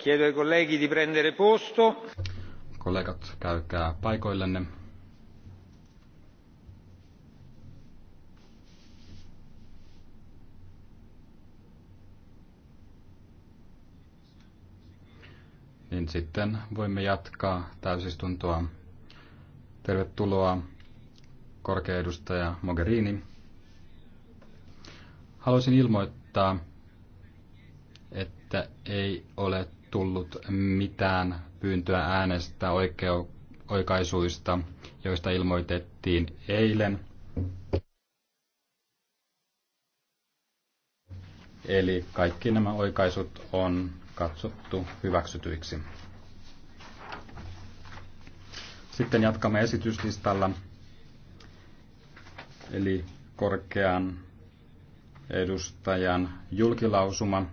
Chiedo ai colleghi di prendere posto. Kollegat, käykää paikoillenne. Niin sitten voimme jatkaa täysistuntoa. Tervetuloa korkea edustaja Mogherini. Haluaisin ilmoittaa, että ei ole tullut mitään pyyntöä äänestä oikeu- oikaisuista, joista ilmoitettiin eilen. Eli kaikki nämä oikaisut on katsottu hyväksytyiksi. Sitten jatkamme esityslistalla. Eli korkean edustajan julkilausuma